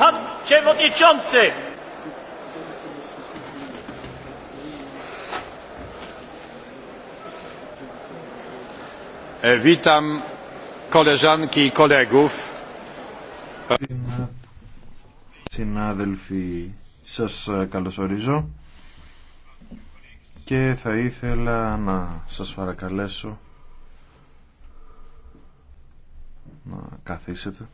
Pan Przewodniczący! E, witam koleżanki i kolegów. Συνάδελφοι, σας ε, καλωσορίζω και θα ήθελα να σας παρακαλέσω να καθίσετε.